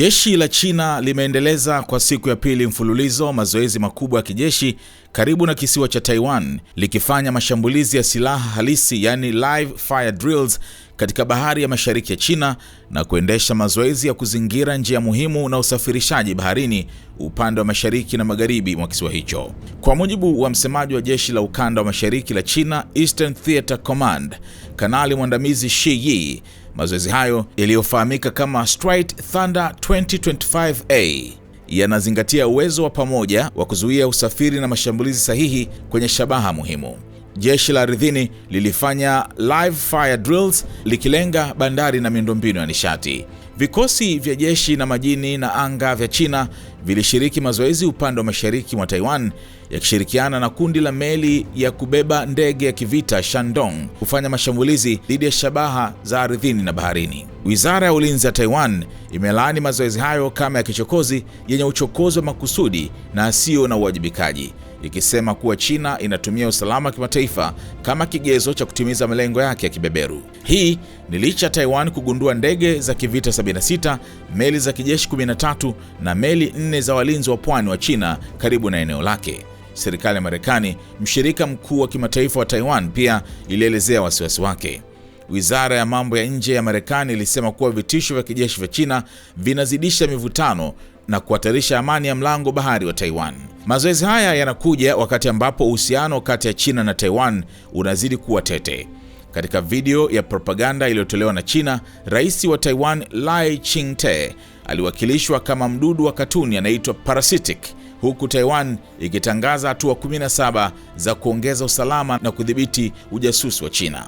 Jeshi la China limeendeleza kwa siku ya pili mfululizo mazoezi makubwa ya kijeshi karibu na kisiwa cha Taiwan likifanya mashambulizi ya silaha halisi yani live fire drills katika bahari ya mashariki ya China na kuendesha mazoezi ya kuzingira njia muhimu na usafirishaji baharini upande wa mashariki na magharibi mwa kisiwa hicho. Kwa mujibu wa msemaji wa jeshi la ukanda wa mashariki la China Eastern Theater Command, Kanali mwandamizi Shi Yi, Mazoezi hayo yaliyofahamika kama Straight Thunder 2025A yanazingatia uwezo wa pamoja wa kuzuia usafiri na mashambulizi sahihi kwenye shabaha muhimu jeshi la ardhini lilifanya live fire drills likilenga bandari na miundombinu ya nishati. Vikosi vya jeshi na majini na anga vya China vilishiriki mazoezi upande wa mashariki mwa Taiwan yakishirikiana na kundi la meli ya kubeba ndege ya kivita Shandong kufanya mashambulizi dhidi ya shabaha za ardhini na baharini. Wizara ya Ulinzi ya Taiwan imelaani mazoezi hayo kama ya kichokozi yenye uchokozi wa makusudi na asiyo na uwajibikaji ikisema kuwa China inatumia usalama wa kimataifa kama kigezo cha kutimiza malengo yake ya kibeberu. Hii ni licha Taiwan kugundua ndege za kivita 76, meli za kijeshi 13 na meli nne za walinzi wa pwani wa China karibu na eneo lake. Serikali ya Marekani, mshirika mkuu wa kimataifa wa Taiwan, pia ilielezea wasiwasi wake. Wizara ya mambo ya nje ya Marekani ilisema kuwa vitisho vya kijeshi vya China vinazidisha mivutano na kuhatarisha amani ya mlango bahari wa Taiwan. Mazoezi haya yanakuja wakati ambapo uhusiano kati ya China na Taiwan unazidi kuwa tete. Katika video ya propaganda iliyotolewa na China, rais wa Taiwan Lai Ching-te aliwakilishwa kama mdudu wa katuni anaitwa parasitic, huku Taiwan ikitangaza hatua 17 za kuongeza usalama na kudhibiti ujasusi wa China.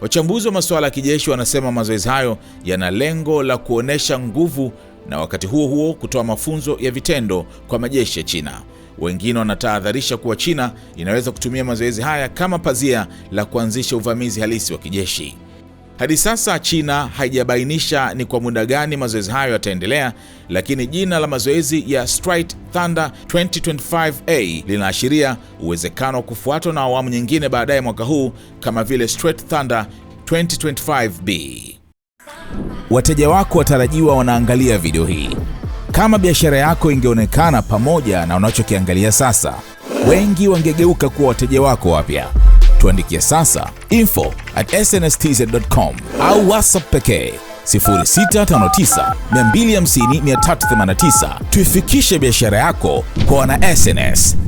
Wachambuzi wa masuala ya kijeshi wanasema mazoezi hayo yana lengo la kuonesha nguvu na wakati huo huo kutoa mafunzo ya vitendo kwa majeshi ya China. Wengine wanatahadharisha kuwa China inaweza kutumia mazoezi haya kama pazia la kuanzisha uvamizi halisi wa kijeshi. Hadi sasa China haijabainisha ni kwa muda gani mazoezi hayo yataendelea, lakini jina la mazoezi ya Strike Thunder 2025A linaashiria uwezekano wa kufuatwa na awamu nyingine baadaye mwaka huu kama vile Strike Thunder 2025B. Wateja wako watarajiwa wanaangalia video hii. Kama biashara yako ingeonekana pamoja na unachokiangalia sasa, wengi wangegeuka kuwa wateja wako wapya. Tuandikie sasa info at snstz.com au WhatsApp pekee 0659 250 389. Tuifikishe biashara yako kwa wana SNS.